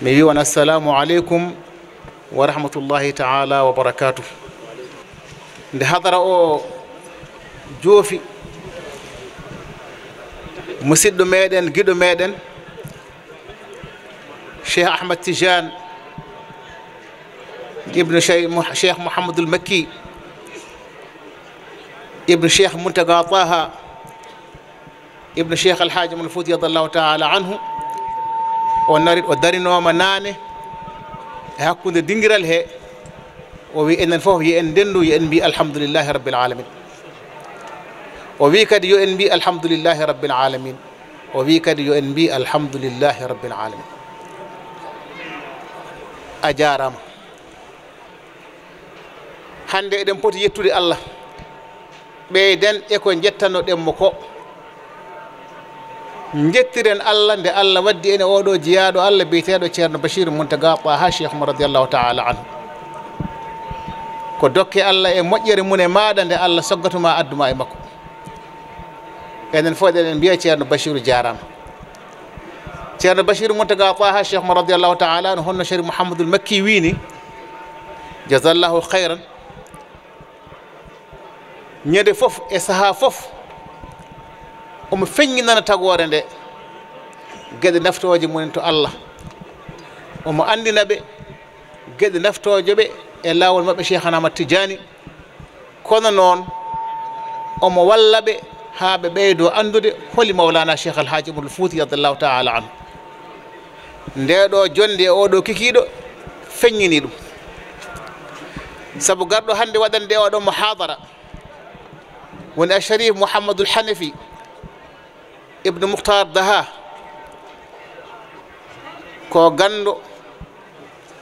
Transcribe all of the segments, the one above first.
mi wiwon assalamu aleykum wa rahmatullahi taala wa barakatuh nde hadara o joofi musidɗo meɗen giɗo meɗen cheikh ahmad tijane ibnu cheikh mouhamadoul makki ibnu cheikh mountaga taha ibnu cheikh alhaji manfouti radiallahu taala anhu o narit o darinoma nane e hakkude dinguiral he o wi enen foof yo en ndendu yo en mbi alhamdoulillahi rabbil alamin o wi kadi yo en mbi alhamdoulillahi rabbil alamin o wi kadi yo en mbi alhamdoulillahi rabbil alamin a jarama hande eɗen poti yettude allah ɓeyden eko jettanoɗenmo ko جتيرن الله ده الله ودي إنه أودو جيادو الله بيتيادو شيرن بشير منتجا قاها شيخ مرضي الله تعالى عنه كدك الله إمجر من ما ده الله سقط ما أدم ما يمكو إنن فودن بيا شيرن بشير جارم شيرن بشير منتجا قاها شيخ مرضي الله تعالى عنه هو نشير محمد المكي ويني جزا الله خيرا ñede fof e saha fof omo feññinana tagore nde geɗe naftoje mumen to allah omo andina ɓe geɗe naftojo ɓe e lawol mabɓe cheikhanama tidiani kono noon omo walla ɓe ha ɓe ɓeydo andude holi mawlana cheikh alhaji umar fouti radiallahu taala anu ndeɗo jonde e oɗo kikiɗo feññini ɗum sabu garɗo hande waɗande e oɗo mo hadara woni acharif mouhamadoul hanefi ibnu mouhtar daha ko gando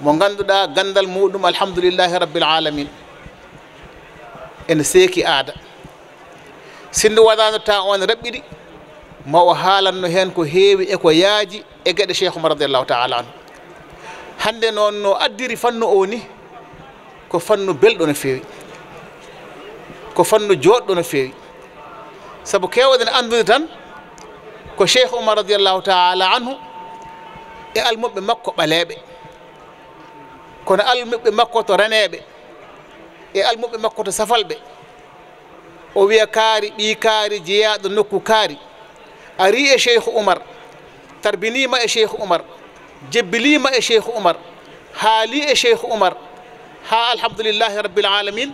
mo ganduɗa gandal muɗum alhamdulillahi rabbil alamin ene seeki aada sinndu waɗano ta on raɓɓiɗi ma o haalanno heen ko heewi e ko yaaji e geɗe cheikhu ma radiallahu taala an hannde noon no addiri fannu o ni ko fannu belɗo no feewi ko fannu jooɗɗo no feewi sabu kewɗene anndude tan ko cheikh oumar radiallahu taala anhu e almuɓe makko ɓaleɓe kono almuɓe makko to reneɓe e almuɓe makko to safalɓe o wiya kaari ɓi kaari jeeyaɗo nokku kaari ari e cheikh oumar tarbinima e cheikh oumar jebbilima e cheikh oumar haali e cheikh oumar ha alhamdulillahi rabbil alamin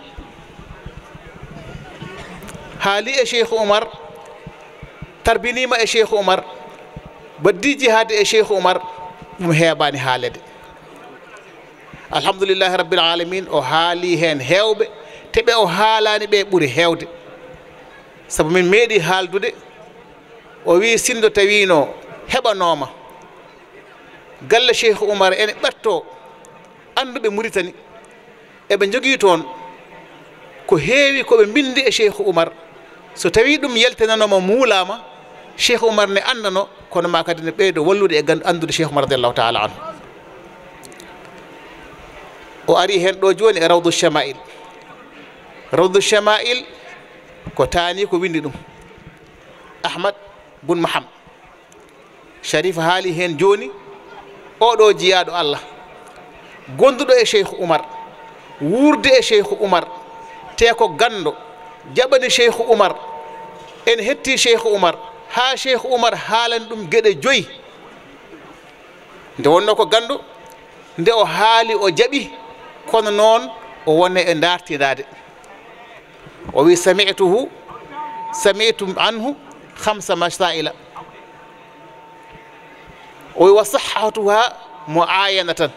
haali e cheikh oumar tarbinima e cheikh oumar baddi jihaade e cheikh oumar ɗum heɓani haalede alhamdoulillahi rabbil alamin o haali hen hewɓe teɓe o haalani ɓe ɓuuri hewde saabu min meeɗi haaldude o wi sindo tawino heɓanoma galle cheikh oumar ene ɓatto anduɓe muritani eɓe jogui toon ko heewi koɓe binde e cheikh oumar so tawi ɗum yaltinanoma muulama cheikh oumar ne annano kono ma kadi ne ɓeydo wallude e andude cheikh oumar radiallahu taala anhu o ari hen ɗo joni e rawdou chamail rawdou chamail ko taani ko windi ɗum ahmad bun maham sharif haali hen joni oɗo jiyaɗo allah gonduɗo e cheikh oumar wuurde e cheikh oumar te ko gando jaɓani cheikh oumar en hetti cheikh oumar ha cheikh oumar haalani ɗum geɗe joyi nde wonno ko gandu nde o haali o jaɓi kono noon o wone e dartiraade o wi samituhu samitu anhu hamsa masaila o wi wa sahatuha mo ayana tan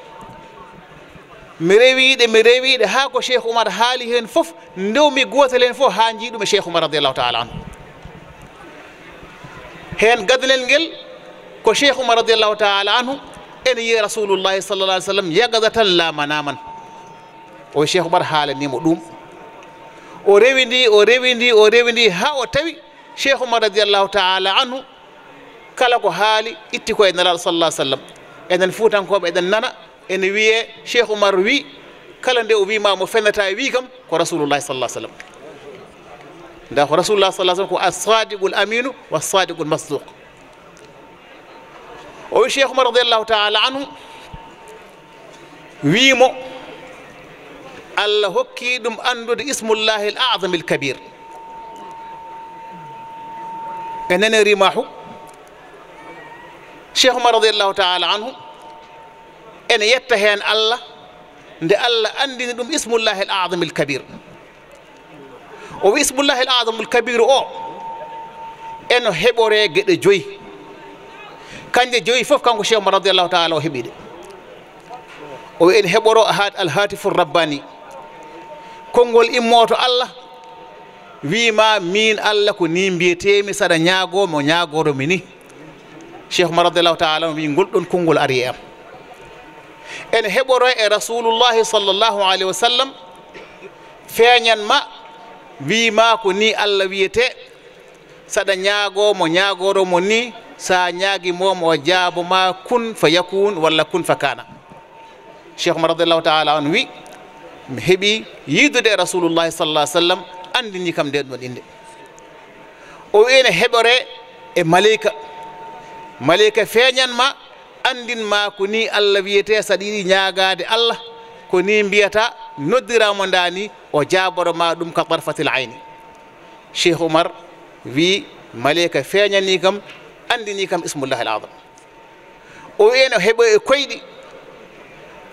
mi rewiɗe mi rewiɗe ha ko cheikh oumar haali hen foof ndewmi gotel hen fof ha jiiɗum e cheikh oumar radiallahu taala anhu heen gadanel ngel ko cheikh oumar radiallahu taala anhu ene yiye rasulullahi sallallah ai sallam yagada tan lamanaman o cheikh oumar haalanimo ɗum o rewindi o rewindi o rewindi ha o tawi cheikh oumar radiallahu taala anhu kala ko haali itti ko e nelal sallah sallam enen fuutankoɓe eɗen nana ene wiye cheikh oumar wi kala nde o wimamo fenata e wi kam ko rasulullahi sallah sallam nda ko rasulullah sa sallm ko assadiqu l aminu wa assadiqu l masduq o wi cheikhuma radiallahu taala anhu wiimo allah hokki ɗum andude ismullahi l azam l kabir enene rimahu cheikhuma radiallahu taala anhu ene yetta heen allah nde allah andini ɗum ismullahi l azam l kabir o wi ismullahi l azamul kabiru o eno heɓorege ɗe joyi kanje joyi fof kanko chekh ma radiallahu taala o heɓiɗe o wi en heɓoro alhatifu rabbani konngol immoto allah wima min allah ko ni mbiyetemi saɗa ñagomo ñagoromi ni chekh ma radiallahu taala o wi golɗon konngol ari e am ene heɓoro e rasulullahi sallllahu alayhi wa sallam feñanma wima ko ni allah wiyete saɗa ñaagomo ñaagoromo ni sa ñaagimomo o jaaboma kun fa yakun walla kun fa kana cheikh ma radiallahu taala on wi mi heɓi yidude rasulullahi sallah ah sallam andini kam nde ɗon inde o wiine heɓore e malayka malayka feeñanma andinma ko ni allah wiyete saɗa yiɗi ñaagade allah ko ni mbiyata noddiramo ndani o jaboro ma ɗum ka qarfatil ayni cheikh oumar wi maleyka feñani kam andini kam ismullah al azam o wiyeno heeɓo e koyɗi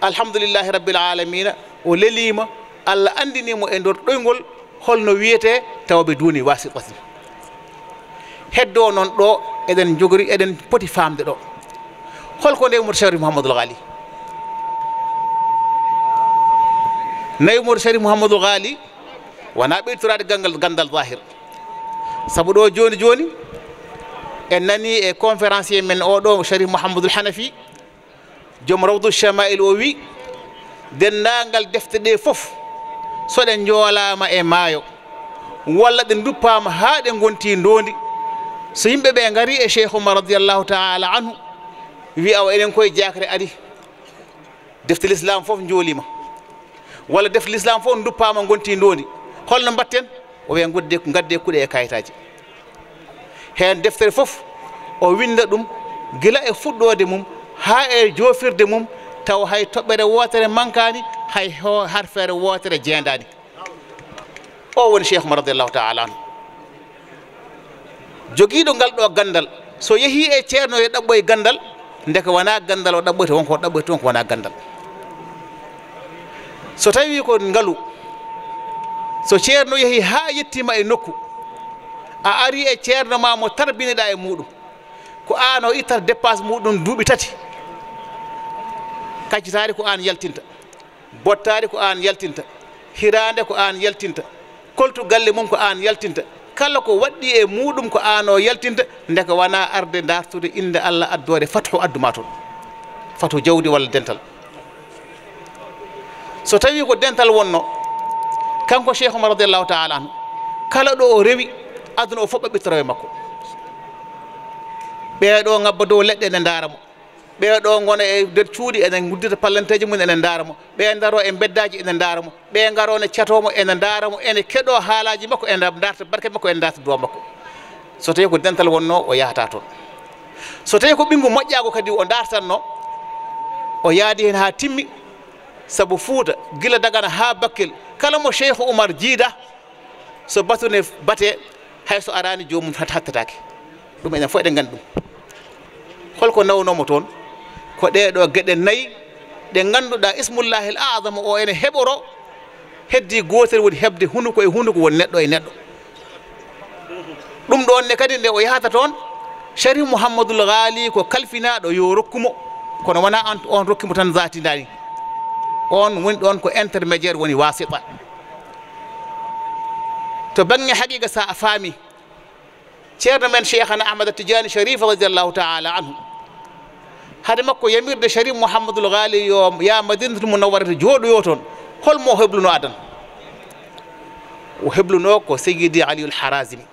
alhamdulillahi rabbil alamina o lelima allah andinimo e nder ɗoygol holno wiyete tawaɓe duuni wasiqati heddo noon ɗo eɗen jogori eɗen poti famde ɗo holko nde mouto cheri mouhamadoul haly نيمور شري محمد غالي ونابي ترى غندل غندل ظاهر سبدو جوني جوني انني كونفرنسي من اودو شري محمد الحنفي جوم روض الشمائل اووي دنانغال دفت دي فوف سودن ما اي مايو ولا دن دوبام ها دن غونتي ندوني سو يمبه بي غاري شيخ عمر الله تعالى عنه وي او انكو جاكري ادي دفت الاسلام فوف نجوليما walla def l'islam fof duppaama gonti ndoondi holno mbatten o wiya gudde gaddee kuɗe e kayitaaji heen deftere fof o winda ɗum gila e fuɗɗoode mum haa e joofirde mum taw hay toɓɓere wootere mankaani hay harfeere wootere jeendaani o woni cheikh mo radiallahu taala anu jogiiɗo ngal ɗo gandal so yehii e ceerno e ɗaɓɓo e gandal ndeke wonaa gandal o ɗaɓɓoyte wonko ɗaɓɓoyte wonko wonaa gandal so tawi ko ngalu so ceerno yeehi ha yettima e nokku a ari e ceerno ma mo tarbineɗa e muɗum ko an o ittat dépense muɗum duuɓi tati kaccitari ko an yaltinta bottari ko an yaltinta hirande ko an yaltinta koltu galle mum ko an yaltinta kala ko waɗɗi e muɗum ko an o yaltinta ndeka wona arde dartude inde allah addore fatu addumatoon fatu jawdi walla dental so tawi ko dental wonno kanko cheikh omar radiallahu taala anu kala ɗo o rewi aduna o foɓɓa ɓittoraw e makko ɓeeɗo ngabba dow leɗɗe ene ndaara mo ɓeeɗo gona e nder cuuɗi enen guddita pallanteji mum ene ndaara mo ɓe ndaro e beddaji ene ndaara mo ɓe ngaro ne catomo ene ndaara mo ene keɗo haalaji makko e darta barke makko ene darta duwa makko so tawi ko dental wonno o yahata toon so tawi ko ɓingu moƴƴago kadi o dartanno o yaadi hen ha timmi sabu fuuta gila dagana ha bakkel kala mo cheikhu oumar jiida so batune bate hayso arani jomum hat hattatake ɗum enen fof eɗen gandi ɗum holko nawnomo toon ko ɗeɗo gueɗe nayyi ɗe ganduɗa ismullahi l azama o ene heɓoro heddi gotel woni heɓde hunduko e hunduko woni neɗɗo e neɗɗo ɗum ɗon ne kadi nde o yahata toon cheri mouhammadoul gali ko kalfinaɗo yo rokkumo kono wona on rokkimo tan zatidani on woni ɗon ko intermédiaire woni wasita to bangge haqiqa sa a faami ceerno men cheikhana ahmad tidiani sharif radiallahu taala anhu hade makko yamirde sharif mouhamadoul ghali yo ya madinatul munawwarata jooɗoyo toon holmo hebluno adan o hebluno ko seyidi aliul harasimi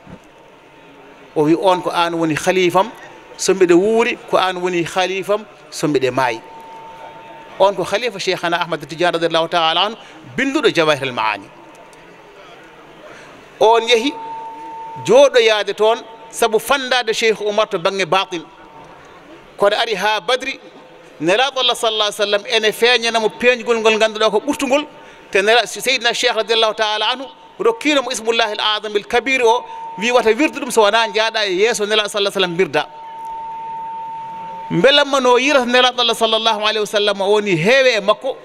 o wi on ko an woni khalifam so mbiɗe wuuri ko an woni khalifam so mbiɗe maayi on ko khalifa cheikhana ahmad tidiane radiallahu taala an binduɗo jawahiral maani on yehi jooɗoyaade toon sabu fandade cheikh oumar to bange batin kono ari ha badri nelaatallah salla ah sallam ene feeñanamo peeñugol ngol ngannduɗo ko ɓurtugol te seydina cheikh radiallahu taala anu rokkinomo ismullahi l adam il kabir o wi wata wirdu ɗum so wona jaaɗa e yeeso nela salah sallam birda mbelamma no yirata nelamɗo allah sallllahu alayhi wa sallam woni heewe e makko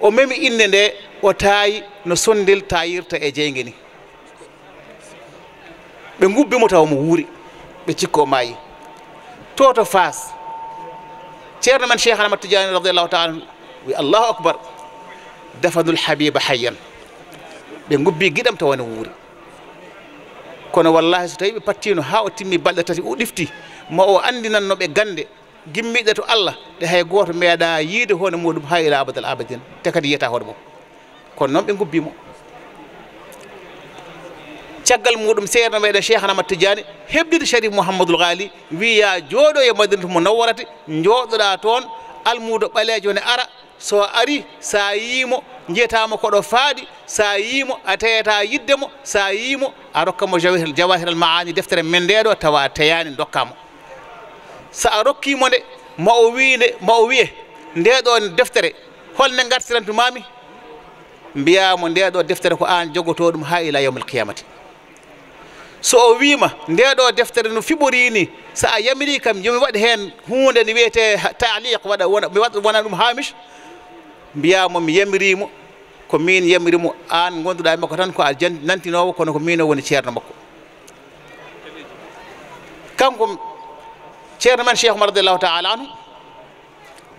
o memi inde nde o taayi no sondel tayirta e jeyge ni ɓe gubbimo taw mo wuuri ɓe cikko maayi to to fas ceerno men cheikh anamad tidiani radiallahu taala anu wi allahu akbar dafanul habiba hayyan ɓe gubbi giɗam tawano wuuri kono wallahi so tawi ɓe pattino ha o timmi balɗe tati o ɗifti ma o andinan no ɓe gande gimmiɗe to allah ɗe hay goto meeɗa yiide hoone muɗum ha ila abadal abadin te kadi yiyata hoore mum kono noon ɓe gubbimo caggal muɗum seerno meɗen cheikh anamad tidiani heɓdide sharif mouhamadoul haali wiya jooɗo e madina tomo nawwarate jooɗoɗa toon almudo ɓaleejo ne ara so ari sa yiimo jiyetamo koɗo faaɗi sa yiimo a teyata yiddemo sa yiimo a rokkamo jawahiral maani deftere men ndeɗo tawa teyani dokkamo so a rokkimo nde ma o wiinde ma o wiye ndeɗo e deftere holne gartiranto mami mbiyamo ndeɗo e deftere ko an jogoto ɗum ha ila yawmal qiyamati so o wima ndeɗo e deftere no fiɓorini so a yamiri kam yomi waɗ hen hunde ne wiyete taliq waɗa mi waɗ wona ɗum hamis mbiyamo mi yamirimo ko min yamirimo an gonduɗa makko tan ko a nantinowo kono ko min o woni ceerno makko kanko ceerno men cheikh omar radiallahu taala anu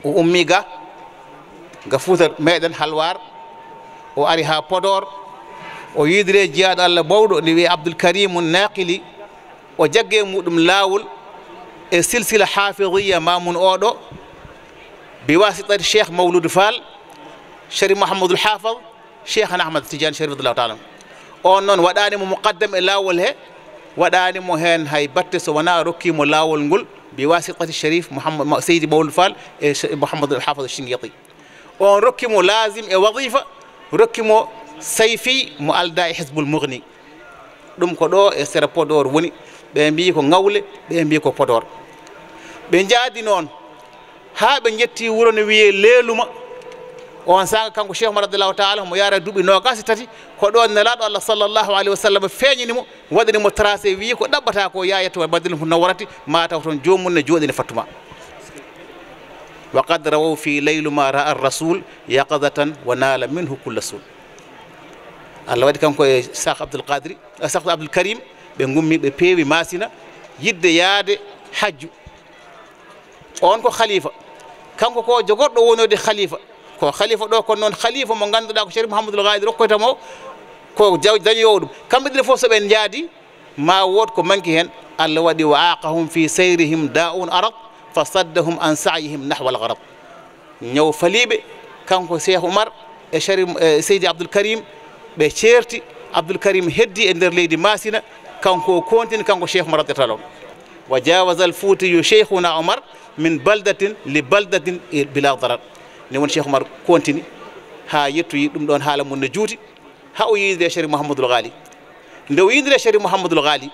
o ummi ga ga fuutat meɗen halwar o ari ha podor o yidire jeyaɗo allah ɓowɗo ndi wiye abdoulkarimu naqili o jagge muɗum laawol e silsila hafiriya mamun oɗo bi wasitat cheikh mawloudou fall chéri mouhamadoul hafad cheikh an ahmad tidiane chérif radiallahu taala on noon waɗanimo muqaddam e laawol he وداني مهن هاي باتس وانا روكي ملاول نقول بواسطة الشريف محمد سيدي مول فال محمد الحافظ الشنقيطي وروكي لازم وظيفة روكي مو سيفي مؤل حزب المغني دوم كو دو سيرا بودور وني بين بيكو نغولي بين بيكو بودور بين نون ها بين جتي ورون ويه on saaga kanko cheikh omar radiallahu taala omo yaara duuɓi nogasi tati ko ɗon nelaɗo allah sallllahu alayhi wa sallam feeñanimo waɗanimo tracé wi ko ɗaɓɓata ko yayatto e badilum no warati mataw toon jomum ne jooɗi ne fattuma wa qad rawaw fi layluma ra'a rasul yaqadatan wa naala minhu culla sul allah waɗi kanko e sak abdoulkadiri sak abdoulkarim ɓe gummi ɓe peewi masina yidde yaade hajju on ko khalifa kanko ko jogoɗɗo wonode khalifa ko khalifa ɗo kon noon khalifa mo ngannduɗaa ko chérif mouhamadoul gaydi rokkoyta mo ko dañowo ɗum kamɓe ɗiɗi fof so ɓen njaadi ma wood ko manki heen allah waɗi wa aqahum fi seyrihim daun arad fa saddahum an sayihim nahwa al garad ñaw faliɓe kanko cheikh oumar e chari seydi abdoul karim ɓe ceerti abdoul karim heddi e nder leydi masina kanko kontini kanko cheikh oumar radiatal on wa jawasa al fuutiyu cheikhuna oumar min baldatin li baldatin bila darar ni won cheikh oumar contini ha yettoyi ɗum ɗon haala mum ne juuti ha o yiidiri cheri mouhamadoul ghali nde o yiidiri cheri mouhamadoul ghali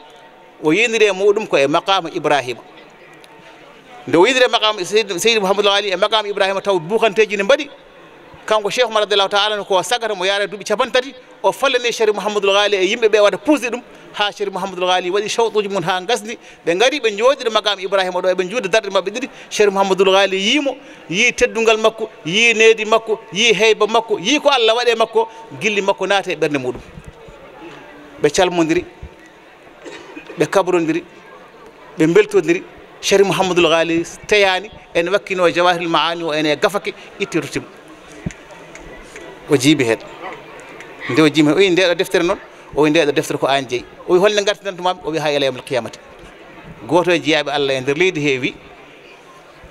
o yiidiri muɗum koye maqama ibrahima nde o yiidiri maqamseydi mouhamadoul ghali e maqama ibrahima taw bukanteji ne mbaɗi kanko cheikh oumar radiallahu taala no ko sagata mo yaare duuɓi capan tati o fallani cheri mouhamadoul ghali e yimɓeɓe wada puusde ɗum ha ceri mouhamadoul haali waɗi sewtuji mum ha gasdi ɓe gari ɓe jooɗiɗo magame ibrahima ɗo eɓe juuɗe darɗe mabɓe ɗiɗi ceri mouhamadoul haali yiimo yii teddugal makko yii needi makko yii heyba makko yii ko allah waɗe makko gilli makko naate e ɓernde muɗum ɓe calmodiri ɓe kabrodiri ɓe beltodiri ceri mouhamadoul haali teyani ene wakkino jawahiril maani o ene gafake itti rotima o jiibi heen nde o jiimi heen o yi ndeɗo deftere noon o wi ndeɗo deftere ko an jeeyi o wi holne gartidantumaɓe o wi ha elayamal qiyamata goto e jeeyaɓe allah e nder leydi heewi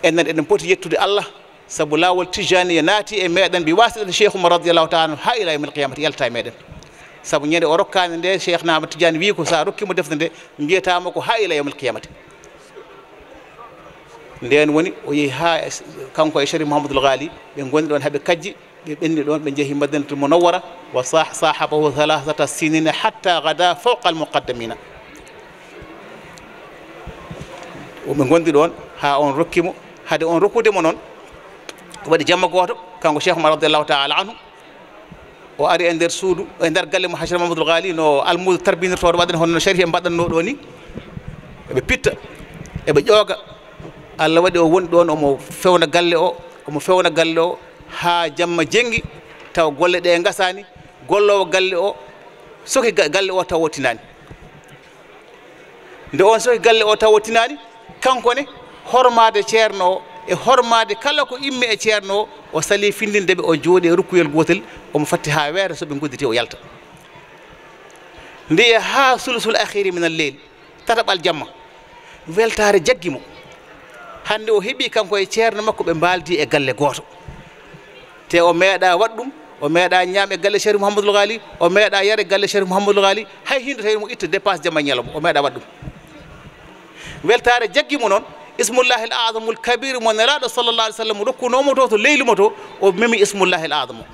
enen eɗen poti yettude allah saabu lawol tijani e naati e meɗen mi wasiɗen cheikh oumar radiallahu taala ha elayamal qiyamata yalta e meɗen saabu ñande o rokkani nde cheikh nama tijani wi ko sa rokkimo defte nde mbiyatama ko ha elayamal qiyamata nden woni o yeehi ha e kanko e chéri mouhamadoul gali ɓe gonni ɗon haaɓe kajji بني دون بنجهي مدينة المنورة وصاح صاحبه ثلاثة سنين حتى غدا فوق المقدمين ومن قندي دون ها اون ركيم هادي اون ركو دي منون ودي جمع قوتو كان شيخ رضي الله تعالى عنه وأري اندر سودو اندر قال لي محاشر محمود الغالي نو المود تربين الفور بعد هون شريف بعد نو دوني ابي بيت ابي يوغا الله ودي وون دون او مو قال لي او مو قال له haa jamma jengi taw golle ɗe gasani gollowo galle o soki galle o taw wottinani nde on soki galle o taw wottinani kanko ne hormade ceerno o e hormade kala ko immi e ceerno o o sali findindeɓe o jooɗi e rukkuyel gotel omo fatti ha weere soɓe gudditi o yalta ndiye ha sulusul ahiri min alleyl tataɓal jamma weltare jaggimo hande o heeɓi kanko e ceerno makko ɓe mbaldi e galle gooto te o meeɗa waɗ ɗum o meeɗa ñaam e galle cheri mouhamadoul haali o meeɗa yare galle cheri mouhamadoul haali hay hinde tawi mo itta dépense jama ñalomo o meeɗa waɗ ɗum weltare jaggimo noon ismullahi l adamu l kabire mo nelaɗo sallallah alih sallam rokkunomo to to leylimo to o memi ismullahi l adamu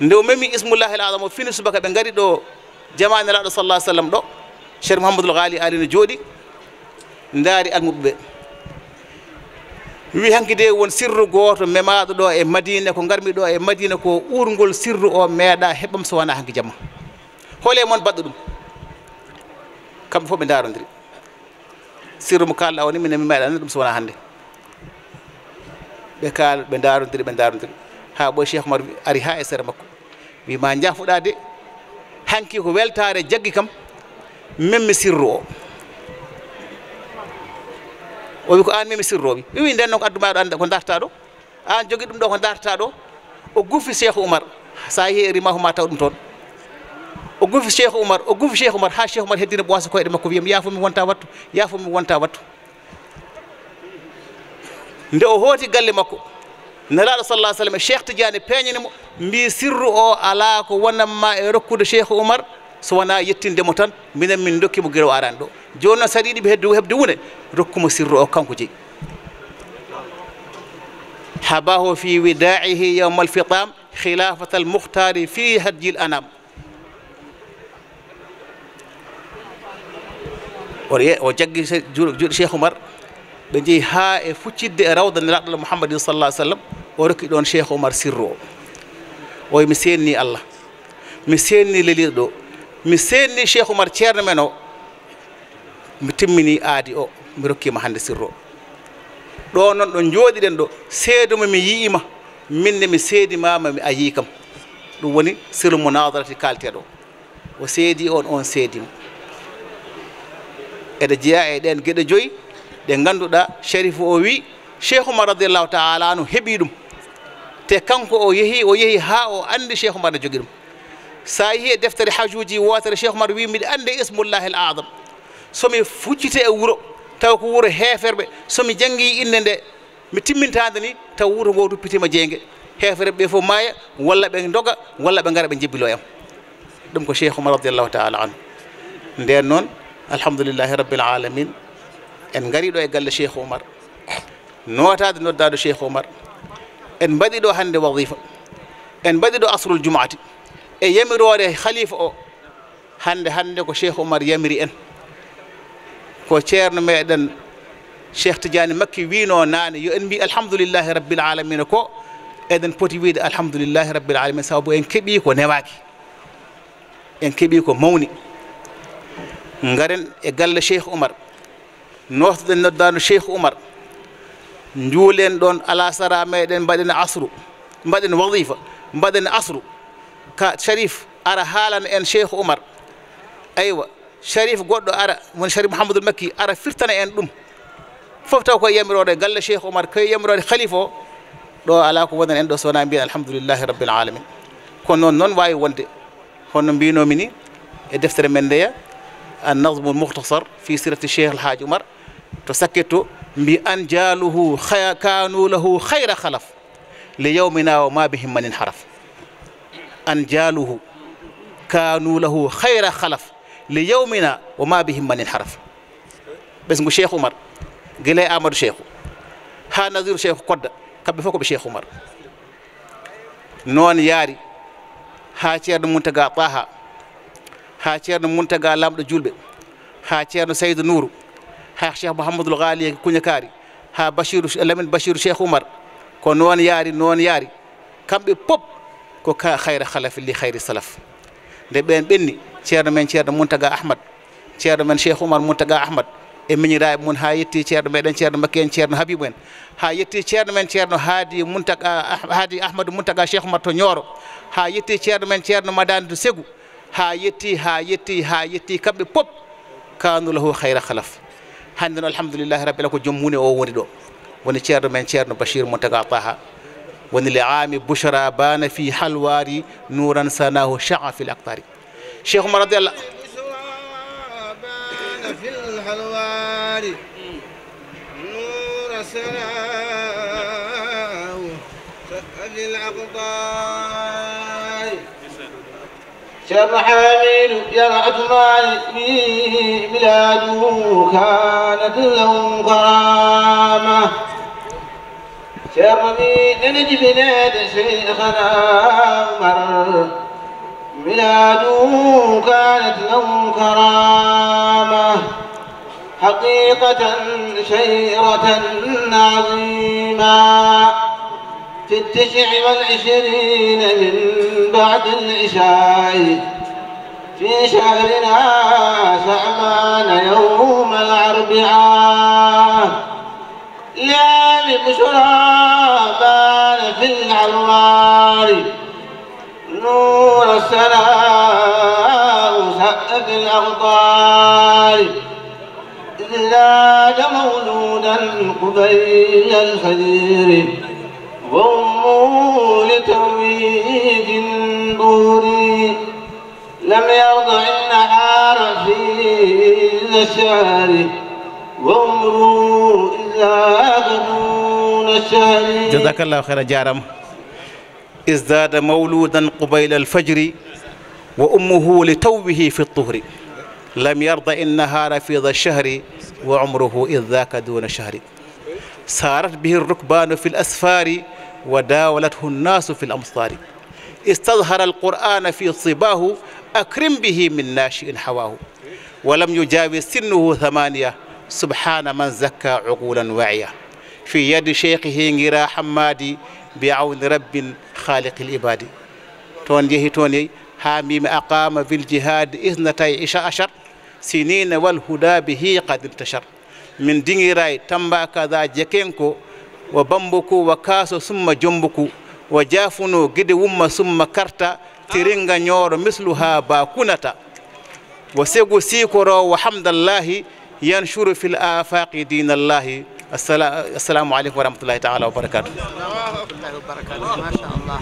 nde o memi ismullahi l adamu fini subaka ɓe gari ɗo jama nelaɗo sallah alih sallam ɗo cheri mouhamadoul haali alino jooɗi daari almuɓeɓe wi hanki de won sirru gooto memaaɗo ɗo e madina ko ngarmi ɗo e madina ko uurngol sirru o meeɗa heɓam so wona hanki jamma hole moon mbaɗɗo ɗum kamɓe fof ɓe ndarodiri sirru mo kalɗa o ni minen mi meeɗani ɗum so wona hannde ɓe kaal ɓe ndarodiri ɓe ndarodiri ha ɓoy cheikh omar ari ha e sere makko wi ma jafuɗa de hanki ko weltare jaggi kam min mi sirru o o wi ko an mimi sirroɓe mi wi ndennon ko adduma ɗo annda ko darta ɗo an jogi ɗum ɗo ko darta ɗo o guffi cheikhu oumar sa yeeri mahuma taw ɗum toon o guffi cheikhu oumar o guffi cheikhu oumar ha cheikhu oumar heddino boisa koyɗe makko wiyami yafomi wonta wattu yafomi wonta wattu nde o hooti galle makko nelaɗo salla sallam e cheikh tidiani peeñanimo mbi sirru o ala ko wonanma e rokkude cheikhu oumar so wonaa yettindemo tan minen min dokkimo gerew arani ɗo jooni noon saɗi ɗiɓe heddu heɓde wune rokkumo sirro o kanko jeyi habahu fi widaihi yawma alfitam khilafata almukhtari fi hadji l anam o o jaggi juuɗo cheikh oumar ɓe njehi haa e fuccidde e rawda nelaɗɗallah mouhammadin sallah sallam o rokki ɗon cheikh oumar sirro o oy mi seenni allah mi seenni leliɗo ɗo mi seenni cheikh oumar ceerno men o mi timmini aadi o mi rokkima hannde sirro ɗo noon ɗo jooɗiɗen ɗo seedo mami yiima minne mi seedimama mi a yii kam ɗum woni sirlo monadarati kalteɗo o seedi on on seedima eɗe jeeya e ɗen geɗe joyi ɗe ngannduɗa cherif o wi cheikh oumar radiallahu taala no heeɓi ɗum te kanko o yehi o yehi ha o anndi cheikh oumar ne jogi ɗum sa yehi e deftere hajuji wootere cheikh omar wi miɗe annde ismullahi l adam somi fuccite e wuro taw ko wuro heeferɓe somi jangguii inde nde mi timmintade ni taw wuro ngo duppitima jeyge heefereɓe ɓe fof maaya walla ɓe doga walla ɓe ngara ɓe jibbilo em ɗum ko cheikh omar radiallahu taala anu nden noon alhamdulillahi rabbil alamin en ngariɗo e galle cheikh omar notade noddado cheikh omar en mbaɗiɗo hannde wadifa en mbaɗiɗo asrul jumaati e yamirore khalifa o hande hande ko cheikh omar yamiri en ko ceerno meɗen cheikh tidiani makki wino nane yo en mbi alhamdoulillahi rabbil alamina ko eɗen poti wiide alhamdoulillahi rabbil alamina saabu en keeɓi ko newaki en keeɓi ko mawni garen e galle cheikh oumar noftoɗen noddano cheikh omar juulen don ala sara meɗen mbaɗen asru mbaɗen wadifa mbaɗen asru ka sharif ara haalana en cheikh oumar aywa sharif goɗɗo ara woni sharif mouhamadoul makki ara firtana en ɗum fof taw koye yamirode galle cheikh oumar koye yamirode khalife o ɗo ala ko wonan en ɗo sowona mbiyen alhamdoulillahi rabbil alamin kono noon noon wawi wonde hono mbinomi ni e deftere men ndeya an nasmu mouhtasar fi sirati cheikh alhaji oumar to sakkit to mbi an jaaluhu kanu lahu hayra halaf li yawmina wa ma bihim manin haraf أنجاله كانوا له خير خلف ليومنا وما بهم من الحرف بس مو شيخ عمر قال امر شيخ ها نظير شيخ قد كبي فوق بشيخ عمر نون ياري ها تيرن منتغا طاها ها تيرن منتغا لامدو جولب ها تيرن سيد نور ها شيخ محمد الغالي كونيكاري ها بشير لمن بشير شيخ عمر كون نون ياري نون ياري كم بي بوب ko ka hayre halaf li hayri salaf nde ɓen ɓenni ceerno men ceerno muntaga ahmad ceerno men cheikh oumar muntaga ahmad e miñiraɓe mun ha yetti ceerno meɗen ceerno makki en ceerno habibu en ha yetti ceerno men ceerno haadi muntaga haadi ahmadou muntaga cheikh oumar to ñooro ha yetti ceerno men ceerno madani to segu ha yetti ha yetti ha yetti kamɓe pop kanulahu hayra halaf hannde no alhamdoulillahi rabbil ko joom hunde o woni ɗo woni ceerno men ceerno bachir muntaga taha ونلعام بشرى بان في حلواري نورا سناه شع في الأقطار شيخ عمر رضي الله بان في الحلواري نورا سناه في الأقطار شرح حامل يا أجمال بلاده كانت لهم قرار شربي ننجي بناد شيخنا عمر بلاده كانت له كرامة حقيقة شيرة عظيمة في التسع والعشرين من بعد العشاء في شهرنا سعبان يوم الأربعاء سابق شرابان في العوار نور السلام سأت الأغطار إذ زاد مولودا قبيل الخدير وأمه لترويج دوري لم يرضع النهار في الشهر وامروا إذا غدوا جزاك الله خير جارم ازداد مولودا قبيل الفجر وأمه لتوبه في الطهر لم يرض النهار في ذا الشهر وعمره إذ ذاك دون شهر سارت به الركبان في الأسفار وداولته الناس في الأمصار استظهر القرآن في صباه أكرم به من ناشئ حواه ولم يجاوز سنه ثمانية سبحان من زكى عقولا واعيه في يد شيخه غيرا حمادي بعون رب خالق العباد تون يهي تون ها ميم أقام في الجهاد إثنتي عشر أشر سنين والهدى به قد انتشر من راي تمبا كذا جكينكو وبمبكو وكاسو ثم جنبكو وجافنو قد وما ثم كرتا ترنغا نور مثلها باكونتا وسيقو سيكورو وحمد الله ينشر في الآفاق دين الله السلام عليكم ورحمه الله تعالى وبركاته الله وبركاته ما شاء الله